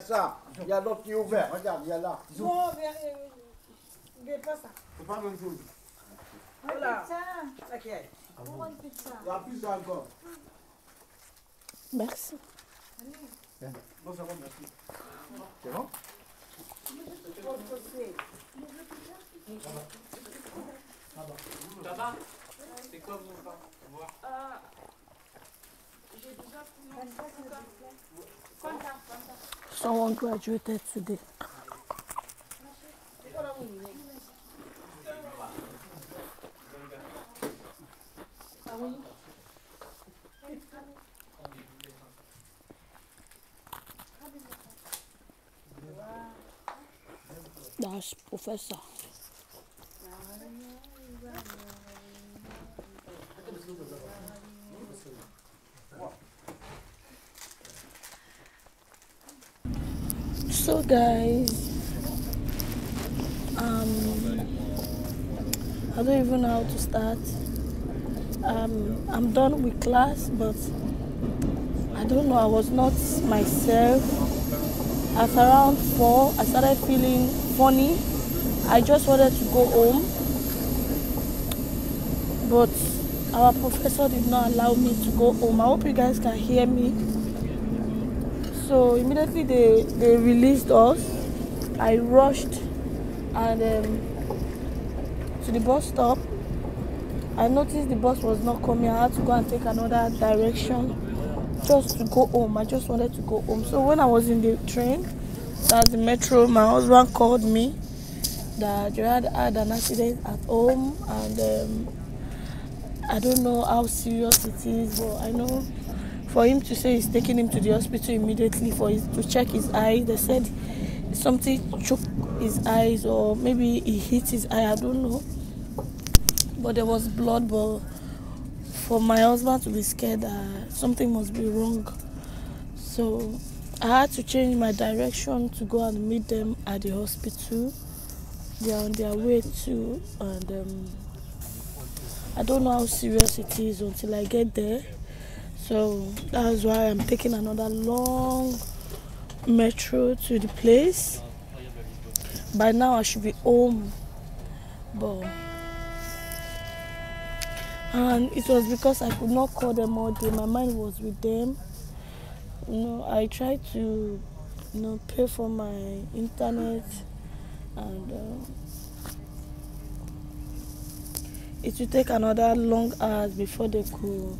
Ça, il y a l'autre qui est ouvert, regarde, il y a là. Non, mais, euh, pas ça. C'est pas la même chose. Voilà. encore. Merci. Bon, ça va, merci. C'est bon C'est quoi vous euh, J'ai déjà pris mon someone graduated today. That's bah, Professor. so guys um i don't even know how to start um i'm done with class but i don't know i was not myself at around four i started feeling funny i just wanted to go home but our professor did not allow me to go home i hope you guys can hear me so immediately they, they released us. I rushed and um, to the bus stop. I noticed the bus was not coming. I had to go and take another direction just to go home. I just wanted to go home. So when I was in the train, that's the metro, my husband called me that Gerard had an accident at home and um, I don't know how serious it is, but I know for him to say he's taking him to the hospital immediately for his, to check his eye. They said something choked his eyes or maybe he hit his eye. I don't know. But there was blood. But for my husband to be scared, uh, something must be wrong. So I had to change my direction to go and meet them at the hospital. They are on their way to and. Um, I don't know how serious it is until I get there so that's why i'm taking another long metro to the place by now i should be home but and it was because i could not call them all day my mind was with them you know i tried to you know pay for my internet and um, it will take another long hours before they could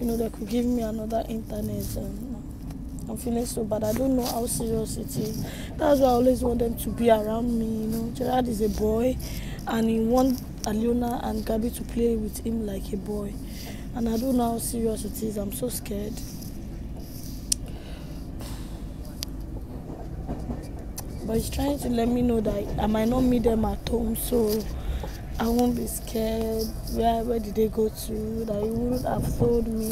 you know, they could give me another internet. And um, I'm feeling so bad. I don't know how serious it is. That's why I always want them to be around me. You know, Gerard is a boy, and he wants Aliona and Gabby to play with him like a boy. And I don't know how serious it is. I'm so scared. But he's trying to let me know that I might not meet them at home, so I won't be scared. Where, where did they go to that you wouldn't have told me?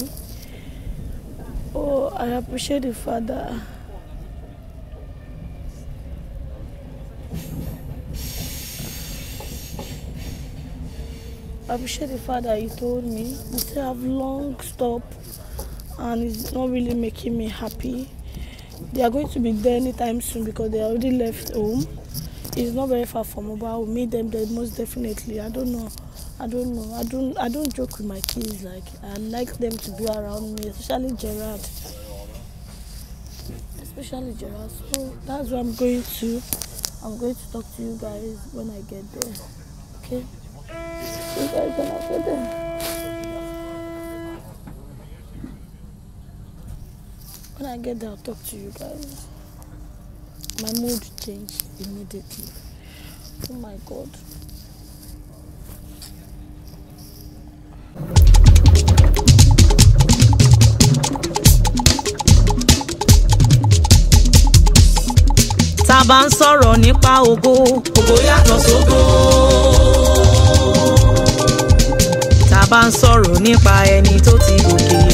Oh, I appreciate the father. I appreciate the fact that told me. I have long stop and it's not really making me happy. They are going to be there anytime soon because they already left home it's not very far from Oba. I will meet them there most definitely. I don't know. I don't know. I don't I don't joke with my kids like I like them to be around me, especially Gerard. Especially Gerard. So that's where I'm going to. I'm going to talk to you guys when I get there. Okay? You guys when I get there. When I get there I'll talk to you guys. My mood changed. immediately. Oh my God. tá a bá ń sọ̀rọ̀ nípa ògo. ògo yàtọ̀ sógo. tá a bá ń sọ̀rọ̀ nípa ẹni tó ti òkè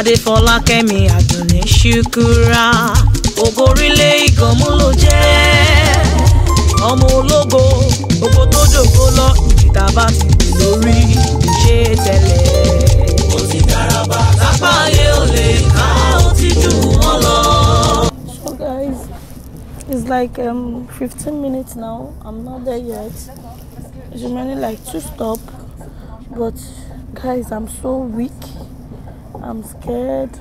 adéfọlákẹ́mi àdùnní ṣùkúra ògo orílẹ̀ ìgànmú ló ọmọ ológo ògo tó dògo lọ ìdìtà bá ti dì lórí ṣe tẹ̀lẹ̀. ó ti dára lápá ayé ò ká ó ti jù wọ́n lọ. So guys, it's like um, 15 minutes now. I'm not there yet. It's remaining like two stops, But guys, I'm so weak. I'm scared.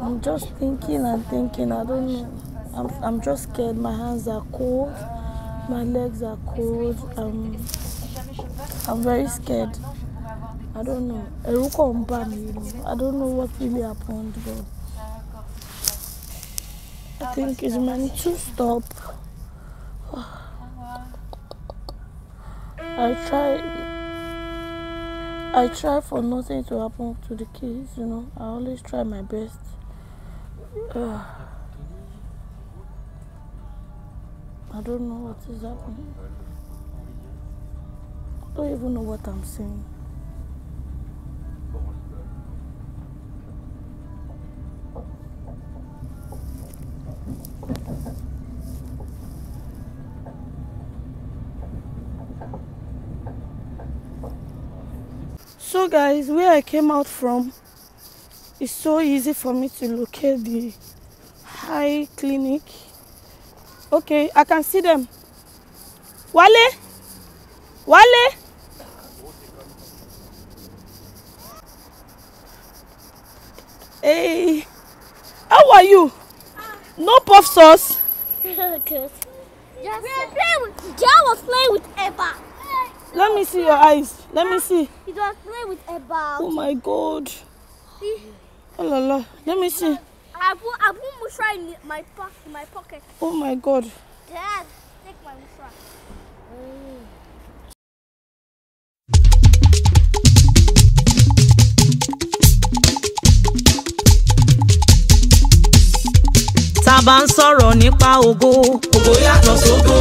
I'm just thinking and thinking. I don't know. I'm, I'm just scared. My hands are cold. My legs are cold. I'm very scared. I don't know. you know. I don't know what really happened, but I think it's meant to stop. I tried. I try for nothing to happen to the kids, you know. I always try my best. Uh, I don't know what is happening. I don't even know what I'm saying. so guys where i came out from it's so easy for me to locate the high clinic okay i can see them wale wale hey how are you no puff sauce Good. Yes. We were playing with, Joe was playing with Eva. Let me see your eyes. Let me ah, see. It was playing with a ball. Oh my god. See? Oh la la. Let me see. I put I put mushra in my pocket my pocket. Oh my god. Dad, take my mushra. Mm. tá a bá ń sọ̀rọ̀ nípa ògo. ògo yàtọ̀ sógo.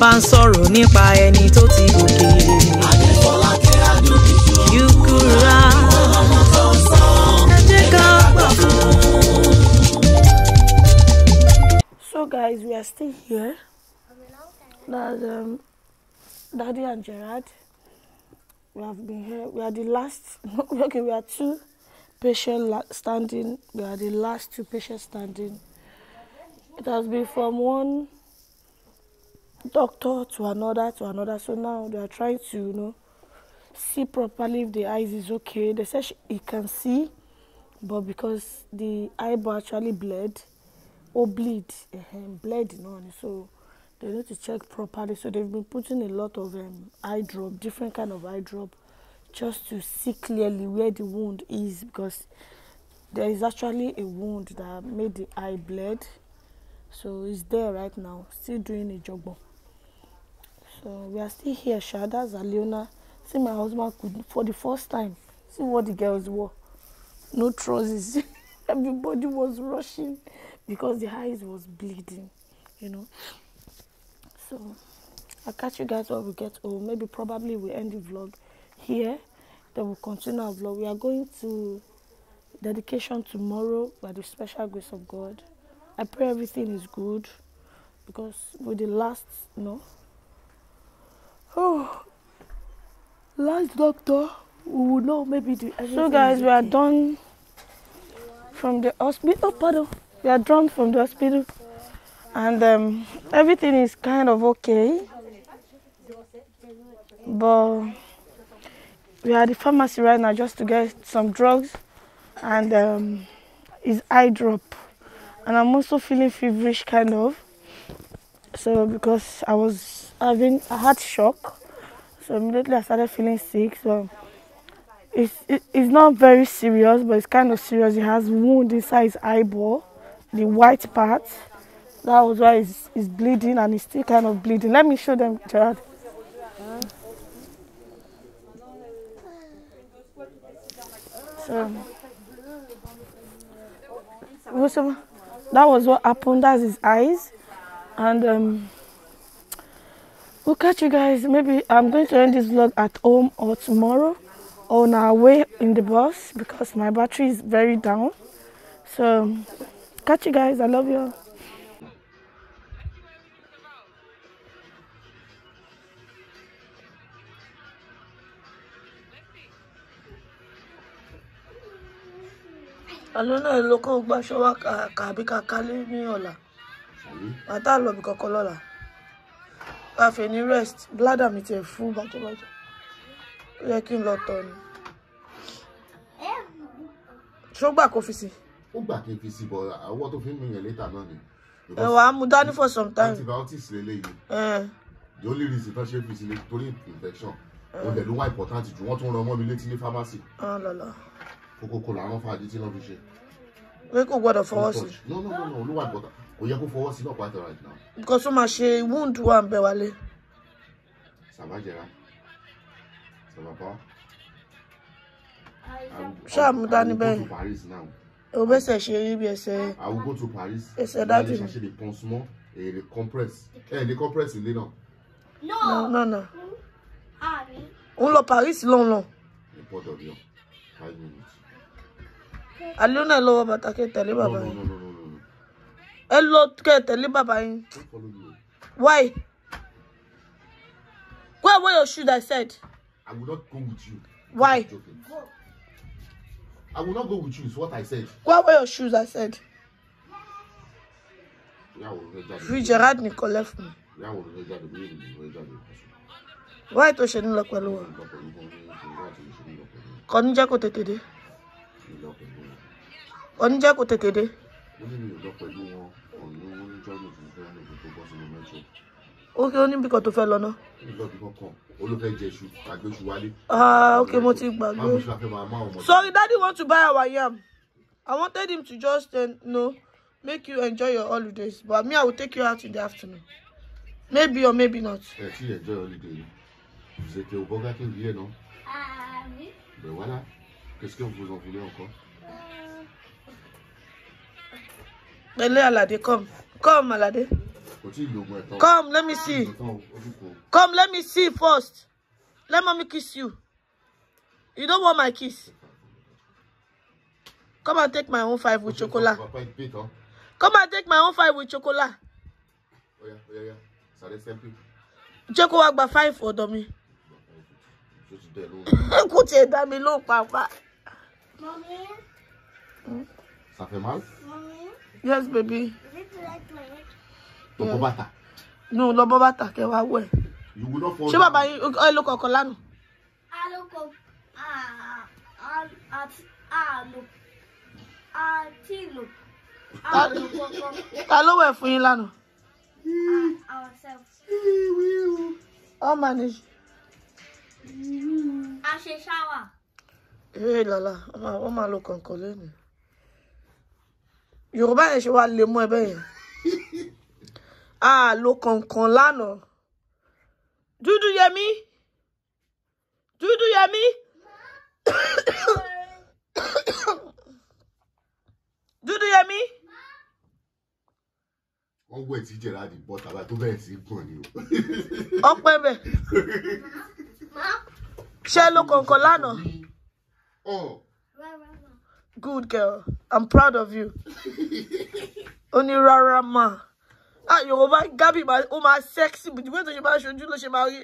bá ń sọ̀rọ̀ nípa ẹni tó ti òkè. Yukura. So guys, we are still here. That's um, Daddy and Gerard. We have been here. We are the last. okay, we are two patients standing. We are the last two patients standing. It has been from one doctor to another to another. So now they are trying to, you know, see properly if the eyes is okay. They said he can see, but because the eyeball actually bled or bleed, uh -huh, bled, you know, so they need to check properly. So they've been putting a lot of um, eye drop, different kind of eye drop, just to see clearly where the wound is because there is actually a wound that made the eye bled. So it's there right now, still doing a job. So we are still here, Shada, Zaliona. See, my husband could, for the first time, see what the girls wore. No trousers. Everybody was rushing because the eyes was bleeding, you know. So I'll catch you guys when we get home. Maybe probably we end the vlog here. Then we'll continue our vlog. We are going to dedication tomorrow by the special grace of God. I pray everything is good because with the last, you no, know, Oh, last doctor, we know maybe So guys, we are done from the hospital. Oh, pardon. We are drawn from the hospital, and um, everything is kind of okay. But we are at the pharmacy right now just to get some drugs, and um, it's eye drop, and I'm also feeling feverish kind of. So because I was having a heart shock, so immediately I started feeling sick. So it's it, it's not very serious, but it's kind of serious. He has wound inside his eyeball, the white part. That was why he's, he's bleeding and he's still kind of bleeding. Let me show them, Gerard. So, that was what happened. That's his eyes and um, we'll catch you guys. Maybe I'm going to end this vlog at home or tomorrow on our way in the bus because my battery is very down. So catch you guys. I love you all. I tá lọ bí kankan lọ́la wàá rest bladder mi ti full fún bàjọ́bàjọ́ ó yẹ kí Show back office. ni back gbà kó fi sí. ó gbà kí n fi sí bọ àwọ tó for some time. antibiotics lélẹ́yìn. the only reason tó she fi sí lè torí infection wọn lè ló wá important jù wọn tún rán ọmọ mi létí ní pharmacy. kókó ah, kó làwọn fàájì tí wọn fi ṣe. pé kò gbọ́dọ̀ fọwọ́ sí. no no no no olúwa ìbọ̀dà kò yẹ kó fọwọ́ sí náà pàtó right now. nǹkan tó máa ṣe wound wà ń bẹ wálé. sàbàjẹra sàbàbá. ṣáàmù dání bẹ́ẹ̀ o bẹ́sẹ̀ ṣe rí bí ẹsẹ̀ ẹsẹ̀ dájú ni. ṣàṣe lè pọn súnmọ́ èyí lè compress ẹ̀ lè compress ilé náà. no no no. n lọ Paris lọ́nà. Port of Lyon five minutes. alẹ́ náà lọ́wọ́ bàtà kí n bàbá yìí. Hello, get a little tẹ̀lé why go and your shoes? I said. I will not go with you. Why? I will not go with you It's what I said. Go and your shoes I said. Fi Gerard ni kọ́lẹ́ fún mi. Wáyé tó ṣe nílọ pẹ̀lú wọn. Kọ́ni jẹ́ kó tètè ó ní mi ò lọ pẹ̀lú wọn ọ̀nà owó ní jọ́nù tó fẹ́ ní ìdìbò bọ́ sínú mẹ́tò. ok ó ní bíkan tó fẹ́ lọ ná. ìlọ́bí kankan olófẹ́ jẹ iṣu àgbẹ̀ wálé. ah ok mo ti gbàgbé. sorry daddy want to buy our yam i wanted him to just uh, know make you enjoy your holidays but me i will take you out in the afternoon maybe or maybe not. ẹ ti enjoy holiday vous étiez au Burger King hier non. ah oui. ben voilà qu'est-ce que vous en voulez encore. Pẹ̀lẹ́ Alade, come. Come, Alade. Come, let me see. Come, let me see first. Let mommy kiss you. You don't want my kiss. Come and take my own five with chocolate. Come and take my own five with chocolate. Oh yeah, oh yeah, yeah. Jẹ́ kó wá gba five for mi. Kò tiẹ̀ dá mi lóhùn pàápàá. Mọ̀mí. Ça fait mal? Mọ̀mí. Yes, baby. Is it the right toilet? Lọ bọ́ bàtà. No, lọ bọ́ bàtà kẹ́ wá wẹ̀. You will not fall. Ṣé bàbá yín ẹ ló kọ̀ọ̀kan lánàá? A ló kọ àti àlò àti ìlò àlò kọ̀ọ̀kan. Ta ló wẹ̀ fún yín lánàá? Ourselves. All manage. A ṣe ṣáwà. Ee lọ́la, wọ́n máa lo kọ̀ọ̀kan lónìí yorùbá yẹn ṣe wá lè mú ẹbẹ yẹn a lo kọ̀ọ̀kan lánàá dúdú yẹmí dúdú yẹmí dúdú yẹmí. wọ́n gbọ́ ètí jẹ̀rọ àdì bọ́ tàbá tó bẹ̀rẹ̀ sí gùn ni o. ọpẹ bẹ ṣe lo kọ̀ọ̀kan lánàá good girl i'm proud of you ah, ó ní rárá mà á yorùbá Gabby ó máa sexy bùdí wẹ́tò yorùbá aṣojú ló ṣe máa rí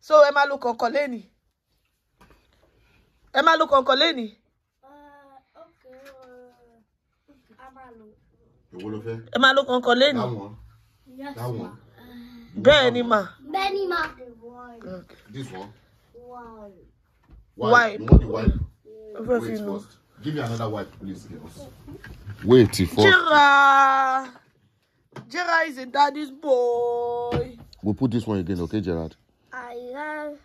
so Am I ẹ máa lo kọ̀ọ̀kan lẹ́nìí ẹ máa lo kọ̀ọ̀kan lẹ́nìí. Uh, uh, ẹ máa lo kọ̀ọ̀kan lẹ́nìí. bẹ́ẹ̀ ni mà. bẹ́ẹ̀ ni mà. this one. Why? Why? You want the wife? Wait first. Give me another wife, please, girls. Wait for. Jira. Jira is a daddy's boy. We'll put this one again, okay, Gerard? I am. Uh...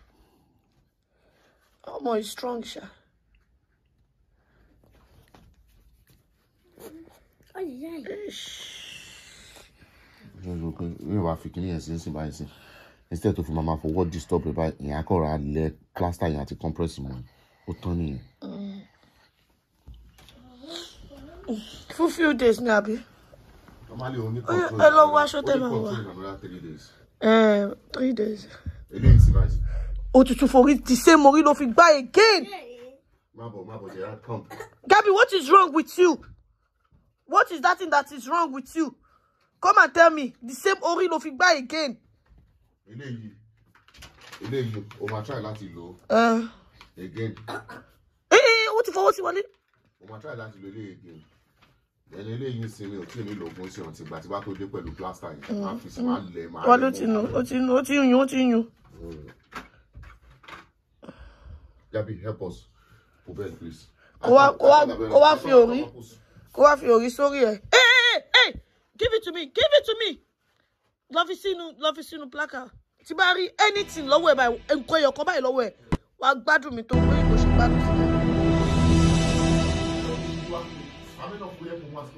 Oh, my strong, sha. Oh, yeah. mi wàá fi kíní yẹn sí sí báyìí instead of fi màmá what disturb rẹ̀ in ìyẹn akọ̀rọ̀ alẹ́ plaster yẹn àti compress mọ́ ọ tán nìyẹn. Mm. fún few days ní àbí. normally o ní control ẹ lọ wọ aṣọ tẹ máa wà ẹ three days. eléyìí sì máa ṣe. òtútù forí ti ṣe morí ló fi gbá again. má bọ̀ má bọ̀ jẹ́ rat camp. Gabby what is wrong with you what is that thing that is wrong with you come and tell me the same orí ló fi buy again. eléyìí eléyìí o máa try láti lò ó again. Eh, eh, eh, ó ti fọwọ́ want wọlé. o máa try láti lò ó again ẹni eléyìí sí ò tí ì nílò ogun sí ọ̀n tìgbà tí bá tó dé pẹ̀lú plaster yẹn á fi sí máa lẹ̀ máa lẹ̀ wọ́n ló ti nu ó ti nu ó ti yun ó ti yun. Gabby help us kò bẹ́ẹ̀ please. kó wá kó wá kó wá fi orí kó wá fi orí sórí ẹ̀. ẹ ẹ ẹ give it to me give it to me lọ fi sínú lọ fi sínú placard tí bá rí anything lọ́wọ́ ẹ̀ báyìí nǹkan ẹ̀yọ̀kan báyìí lọ́wọ́ ẹ̀ wàá gbádùn mi tó wọ́n ìbò ṣe gbádùn sí i. algumas